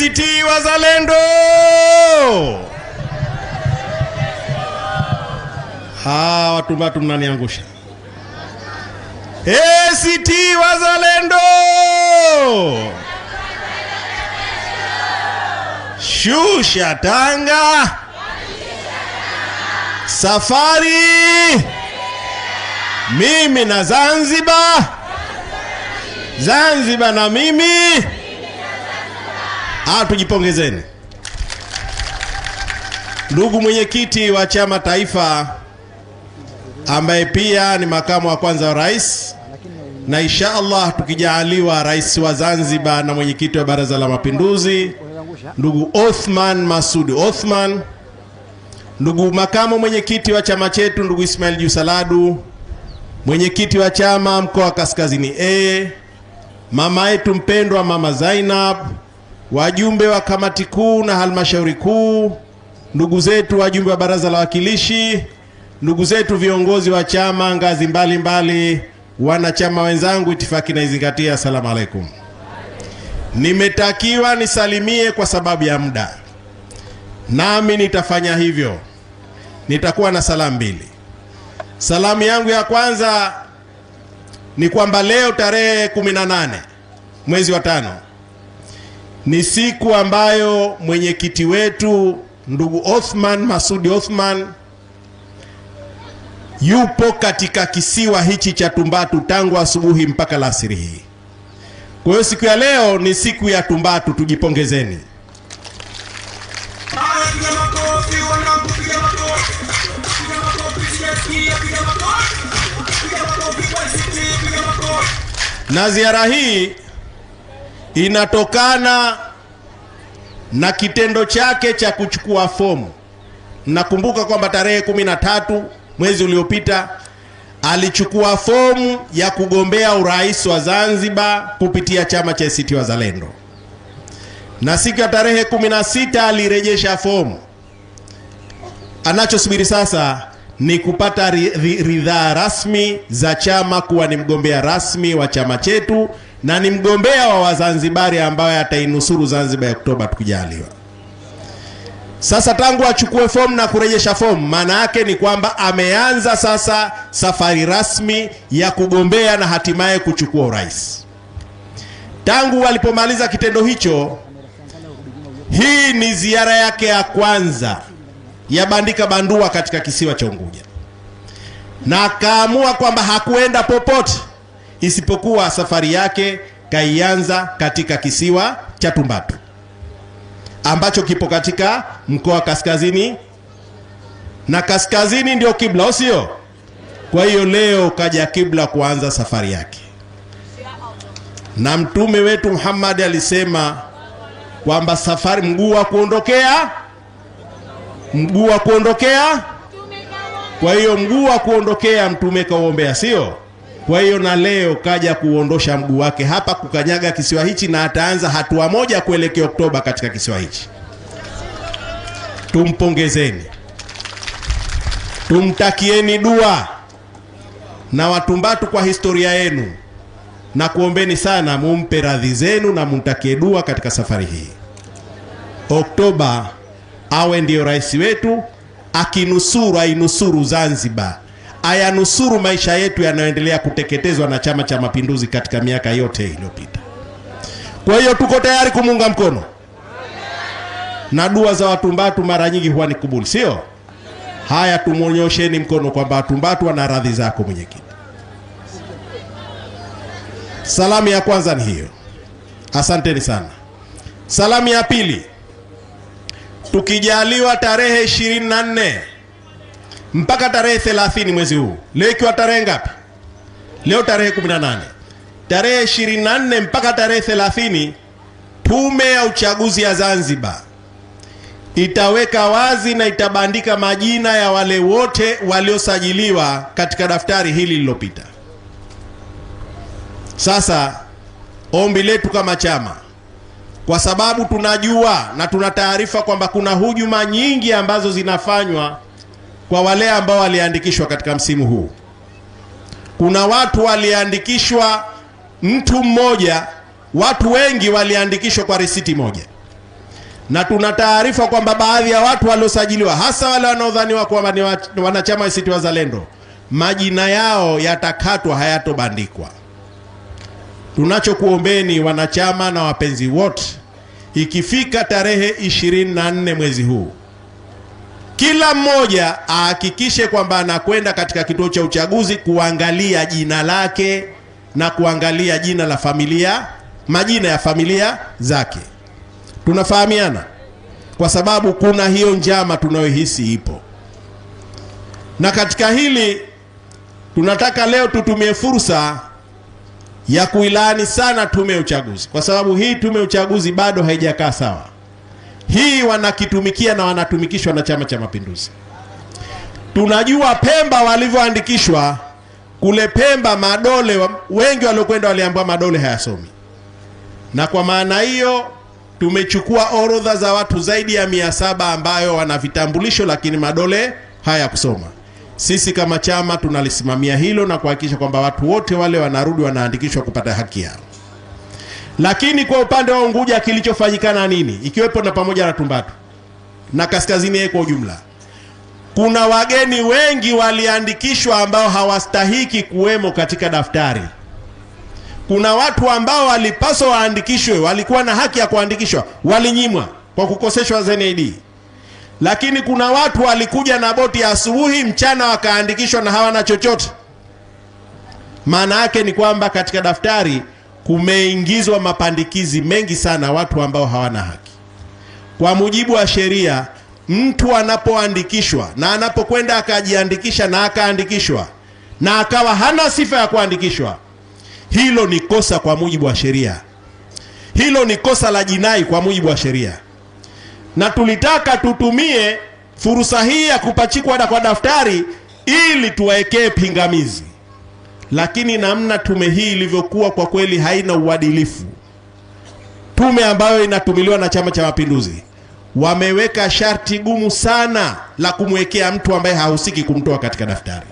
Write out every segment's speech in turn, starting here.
ACT Wazalendo. Ha, watu watu mnaniangusha. ACT Wazalendo. Shusha tanga. Safari. Mimi na Zanzibar. Zanzibar na mimi. Ah, tujipongezeni. Ndugu mwenyekiti wa chama taifa ambaye pia ni makamu wa kwanza wa rais na insha Allah tukijaaliwa rais wa Zanzibar na mwenyekiti wa Baraza la Mapinduzi ndugu Othman Masud Othman, ndugu makamu mwenyekiti wa chama chetu ndugu Ismail Jusaladu, mwenyekiti wa chama mkoa wa Kaskazini A, mama yetu mpendwa mama Zainab wajumbe wa kamati kuu na halmashauri kuu, ndugu zetu wajumbe wa baraza la wawakilishi, ndugu zetu viongozi wa chama ngazi mbalimbali, wanachama wenzangu, itifaki naizingatia. Asalamu alaikum. Nimetakiwa nisalimie kwa sababu ya muda, nami nitafanya hivyo. Nitakuwa na salamu mbili. Salamu yangu ya kwanza ni kwamba leo tarehe 18 mwezi wa tano ni siku ambayo mwenyekiti wetu ndugu Othman Masudi Othman yupo katika kisiwa hichi cha Tumbatu tangu asubuhi mpaka lasiri hii. Kwa hiyo siku ya leo ni siku ya Tumbatu, tujipongezeni. Na ziara hii inatokana na kitendo chake cha kuchukua fomu. Nakumbuka kwamba tarehe kumi na tatu mwezi uliopita alichukua fomu ya kugombea urais wa Zanzibar kupitia chama cha ACT Wazalendo, na siku ya tarehe 16 alirejesha fomu. Anachosubiri sasa ni kupata ridhaa rasmi za chama kuwa ni mgombea rasmi wa chama chetu na ni mgombea wa Wazanzibari ambaye atainusuru Zanzibar ya Oktoba tukijaliwa. Sasa tangu achukue fomu na kurejesha fomu, maana yake ni kwamba ameanza sasa safari rasmi ya kugombea na hatimaye kuchukua urais. Tangu walipomaliza kitendo hicho, hii ni ziara yake ya kwanza ya bandika bandua katika kisiwa cha Unguja, na akaamua kwamba hakuenda popote isipokuwa safari yake kaianza katika kisiwa cha Tumbatu ambacho kipo katika mkoa wa kaskazini, na kaskazini ndio kibla, au sio? Kwa hiyo leo kaja kibla kuanza safari yake, na mtume wetu Muhammad alisema kwamba safari, mguu wa kuondokea, mguu wa kuondokea. Kwa hiyo mguu wa kuondokea mtume kauombea, sio kwa hiyo na leo kaja kuondosha mguu wake hapa kukanyaga kisiwa hichi, na ataanza hatua moja kuelekea Oktoba katika kisiwa hichi. Tumpongezeni, tumtakieni dua na Watumbatu kwa historia yenu, na kuombeni sana mumpe radhi zenu na mumtakie dua katika safari hii. Oktoba awe ndiyo rais wetu, akinusuru ainusuru Zanzibar ayanusuru maisha yetu yanayoendelea kuteketezwa na Chama cha Mapinduzi katika miaka yote iliyopita. Kwa hiyo tuko tayari kumuunga mkono, na dua za Watumbatu mara nyingi huwa ni kubuli, sio? Haya, tumwonyosheni mkono kwamba Watumbatu wana radhi zako mwenyekiti. Salamu ya kwanza ni hiyo, asanteni sana. Salamu ya pili, tukijaliwa tarehe 24 mpaka tarehe 30 mwezi huu. Leo ikiwa tarehe ngapi? Leo tarehe 18, tarehe 24 mpaka tarehe 30, Tume ya Uchaguzi ya Zanzibar itaweka wazi na itabandika majina ya wale wote waliosajiliwa katika daftari hili lililopita. Sasa ombi letu kama chama, kwa sababu tunajua na tuna taarifa kwamba kuna hujuma nyingi ambazo zinafanywa kwa wale ambao waliandikishwa katika msimu huu. Kuna watu waliandikishwa mtu mmoja, watu wengi waliandikishwa kwa risiti moja, na tuna taarifa kwamba baadhi ya watu waliosajiliwa, hasa wale wanaodhaniwa kwamba ni wanachama wa ACT Wazalendo, majina yao yatakatwa, hayatobandikwa. Tunachokuombeni wanachama na wapenzi wote, ikifika tarehe 24 mwezi huu kila mmoja ahakikishe kwamba anakwenda katika kituo cha uchaguzi kuangalia jina lake na kuangalia jina la familia, majina ya familia zake. Tunafahamiana, kwa sababu kuna hiyo njama tunayohisi ipo, na katika hili tunataka leo tutumie fursa ya kuilaani sana tume ya uchaguzi, kwa sababu hii tume ya uchaguzi bado haijakaa sawa hii wanakitumikia na wanatumikishwa na Chama cha Mapinduzi. Tunajua Pemba walivyoandikishwa kule Pemba, madole wengi waliokwenda waliambiwa madole hayasomi, na kwa maana hiyo tumechukua orodha za watu zaidi ya mia saba ambayo wana vitambulisho lakini madole haya kusoma. Sisi kama chama tunalisimamia hilo na kuhakikisha kwamba watu wote wale wanarudi wanaandikishwa kupata haki yao. Lakini kwa upande wa Unguja kilichofanyikana nini, ikiwepo na pamoja na Tumbatu na kaskazini kwa ujumla, kuna wageni wengi waliandikishwa ambao hawastahiki kuwemo katika daftari. Kuna watu ambao walipaswa waandikishwe, walikuwa na haki ya kuandikishwa, walinyimwa kwa kukoseshwa ZNID. Lakini kuna watu walikuja na boti ya asubuhi, mchana wakaandikishwa na hawana chochote. Maana yake ni kwamba katika daftari kumeingizwa mapandikizi mengi sana watu ambao hawana haki. Kwa mujibu wa sheria, mtu anapoandikishwa na anapokwenda akajiandikisha na akaandikishwa na akawa hana sifa ya kuandikishwa, hilo ni kosa kwa mujibu wa sheria. Hilo ni kosa la jinai kwa mujibu wa sheria, na tulitaka tutumie fursa hii ya kupachikwa kwa daftari ili tuwaekee pingamizi lakini namna tume hii ilivyokuwa kwa kweli haina uadilifu. Tume ambayo inatumiliwa na Chama cha Mapinduzi wameweka sharti gumu sana la kumwekea mtu ambaye hahusiki kumtoa katika daftari.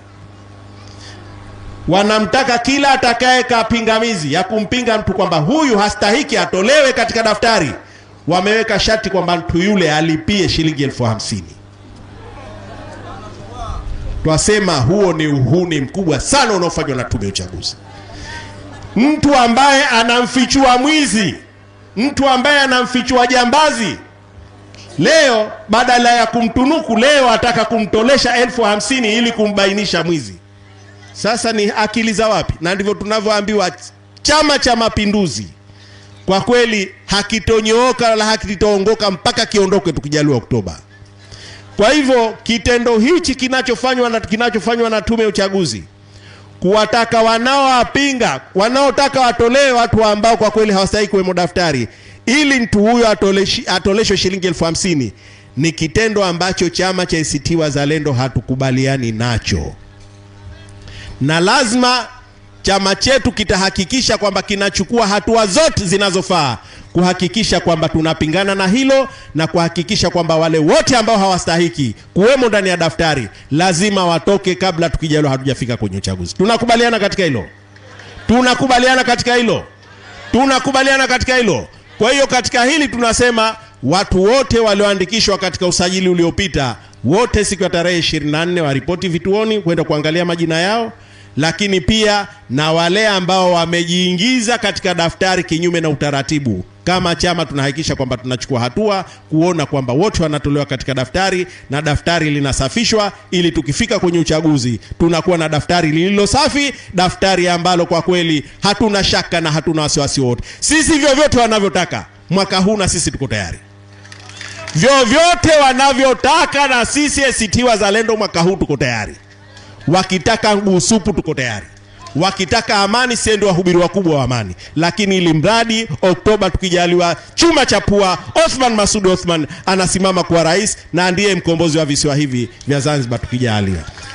Wanamtaka kila atakayeka pingamizi ya kumpinga mtu kwamba huyu hastahiki atolewe katika daftari, wameweka sharti kwamba mtu yule alipie shilingi elfu hamsini. Twasema huo ni uhuni mkubwa sana unaofanywa na tume ya uchaguzi. Mtu ambaye anamfichua mwizi, mtu ambaye anamfichua jambazi, leo badala ya kumtunuku, leo ataka kumtolesha elfu hamsini ili kumbainisha mwizi. Sasa ni akili za wapi? Na ndivyo tunavyoambiwa Chama cha Mapinduzi kwa kweli hakitonyooka wala hakitoongoka mpaka kiondoke, tukijaliwa Oktoba. Kwa hivyo kitendo hichi kinachofanywa na kinachofanywa na tume ya uchaguzi kuwataka wanaowapinga, wanaotaka watolewe watu ambao kwa kweli hawastahili kuwemo daftari, ili mtu huyo atoleshwe shilingi elfu hamsini ni kitendo ambacho chama cha ACT Wazalendo hatukubaliani nacho, na lazima chama chetu kitahakikisha kwamba kinachukua hatua zote zinazofaa kuhakikisha kwamba tunapingana na hilo na kuhakikisha kwamba wale wote ambao hawastahiki kuwemo ndani ya daftari lazima watoke kabla tukijalo hatujafika kwenye uchaguzi. Tunakubaliana katika hilo? Tunakubaliana katika hilo? Tunakubaliana katika hilo? Kwa hiyo katika hili tunasema watu wote walioandikishwa katika usajili uliopita wote siku ya tarehe 24 waripoti vituoni kwenda kuangalia majina yao, lakini pia na wale ambao wamejiingiza katika daftari kinyume na utaratibu kama chama tunahakikisha kwamba tunachukua hatua kuona kwamba wote wanatolewa katika daftari na daftari linasafishwa, ili tukifika kwenye uchaguzi tunakuwa na daftari lililo safi, daftari ambalo kwa kweli hatuna shaka na hatuna wasiwasi wote. Sisi vyovyote wanavyotaka mwaka huu, na sisi tuko tayari vyovyote wanavyotaka, na sisi ACT Wazalendo mwaka huu tuko tayari. Wakitaka ngusupu, tuko tayari wakitaka amani, sie ndio wahubiri wakubwa wa amani, lakini ili mradi Oktoba tukijaliwa, chuma cha pua, Othman Masud Othman anasimama kuwa rais na ndiye mkombozi wa visiwa hivi vya Zanzibar tukijaliwa.